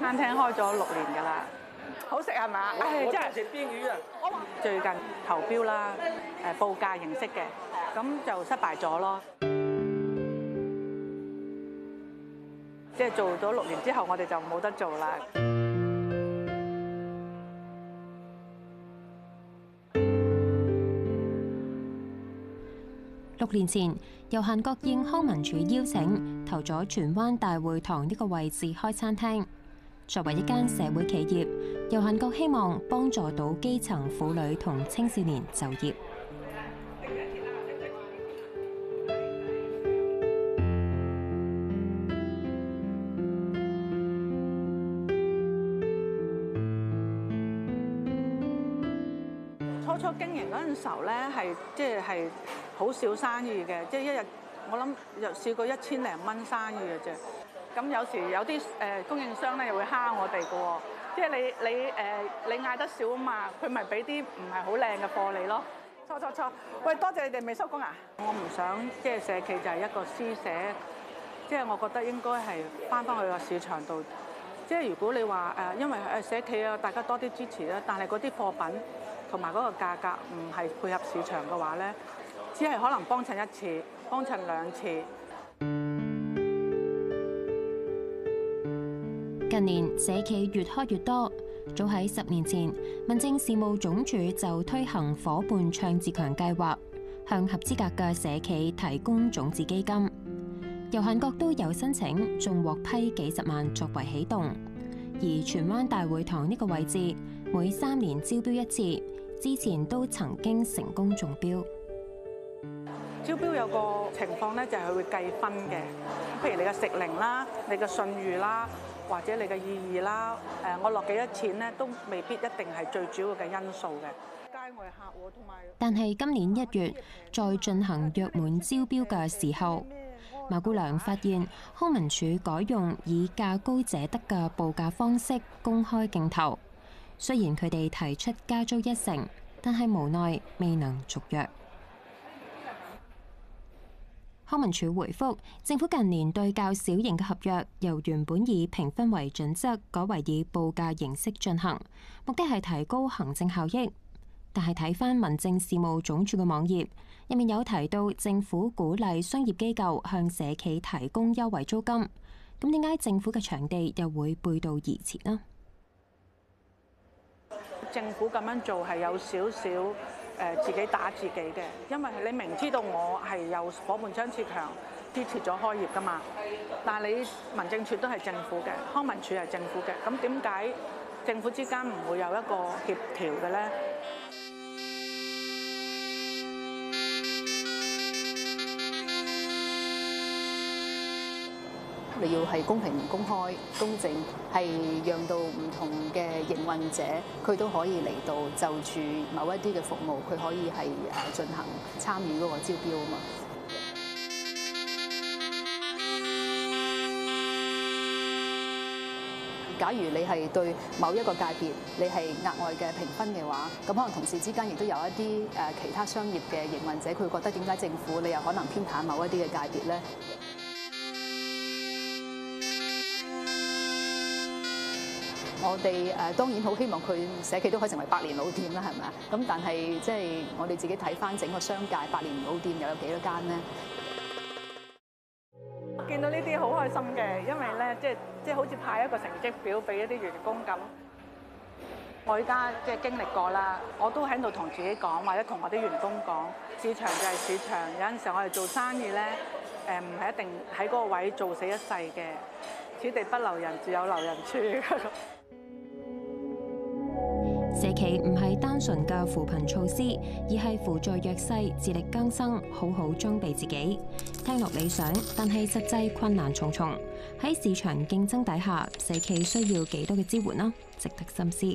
餐廳開咗六年㗎啦，好食係嘛？唉、啊，我真係食邊魚啊！我最近投標啦，誒報價形式嘅，咁就失敗咗咯。即係做咗六年之後，我哋就冇得做啦。六年前，由韓國應康文署邀請，投咗荃灣大會堂呢個位置開餐廳。作為一間社會企業，遊行閣希望幫助到基層婦女同青少年就業。初初經營嗰陣時候咧，係即係好少生意嘅，即係一日我諗又試過一千零蚊生意嘅啫。咁有時有啲誒供應商咧又會蝦我哋嘅喎，即係你、呃、你誒你嗌得少啊嘛，佢咪俾啲唔係好靚嘅貨你咯。錯錯錯，錯錯喂，多謝你哋未收工啊！我唔想即係、就是、社企就係一個施捨，即、就、係、是、我覺得應該係翻返去個市場度。即、就、係、是、如果你話誒，因為誒社企啊，大家多啲支持啦，但係嗰啲貨品同埋嗰個價格唔係配合市場嘅話咧，只係可能幫襯一次，幫襯兩次。近年社企越開越多，早喺十年前，民政事務總署就推行伙伴倡自強計劃，向合資格嘅社企提供種子基金。由韓國都有申請，仲獲批幾十萬作為起動。而荃灣大會堂呢個位置，每三年招標一次，之前都曾經成功中標。招標有個情況咧，就係佢會計分嘅，譬如你嘅食齡啦，你嘅信譽啦。或者你嘅意義啦，誒，我落幾多錢呢，都未必一定係最主要嘅因素嘅。街外客同埋，但係今年一月，再進行約滿招標嘅時候，馬姑娘發現康文署改用以價高者得嘅報價方式公開競投。雖然佢哋提出加租一成，但係無奈未能續約。康文署回覆：政府近年對較小型嘅合約，由原本以評分為準則，改為以報價形式進行，目的係提高行政效益。但係睇翻民政事務總署嘅網頁，入面有提到政府鼓勵商業機構向社企提供優惠租金。咁點解政府嘅場地又會背道而馳呢？政府咁樣做係有少少。誒、呃、自己打自己嘅，因為你明知道我係由伙伴張撤強啲脱咗開業噶嘛，但係你民政處都係政府嘅，康文署係政府嘅，咁點解政府之間唔會有一個協調嘅咧？你要係公平、公開、公正，係讓到唔同嘅營運者，佢都可以嚟到就住某一啲嘅服務，佢可以係誒進行參與嗰個招標啊嘛。假如你係對某一個界別，你係額外嘅評分嘅話，咁可能同事之間亦都有一啲誒其他商業嘅營運者，佢覺得點解政府你又可能偏袒某一啲嘅界別咧？我哋誒當然好希望佢社企都可以成為百年老店啦，係咪啊？咁但係即係我哋自己睇翻整個商界百年老店又有幾多間咧？我見到呢啲好開心嘅，因為咧即係即係好似派一個成績表俾一啲員工咁。我而家即係經歷過啦，我都喺度同自己講，或者同我啲員工講，市場就係市場，有陣時我哋做生意咧誒唔係一定喺嗰個位做死一世嘅，此地不留人，自有留人處。社企唔係單純嘅扶貧措施，而係扶助弱勢、自力更生、好好裝備自己。聽落理想，但係實際困難重重。喺市場競爭底下，社企需要幾多嘅支援呢？值得深思。